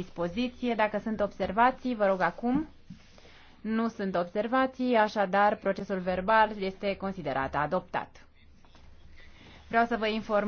dispoziție. Dacă sunt observații, vă rog acum. Nu sunt observații, așadar procesul verbal este considerat adoptat. Vreau să vă inform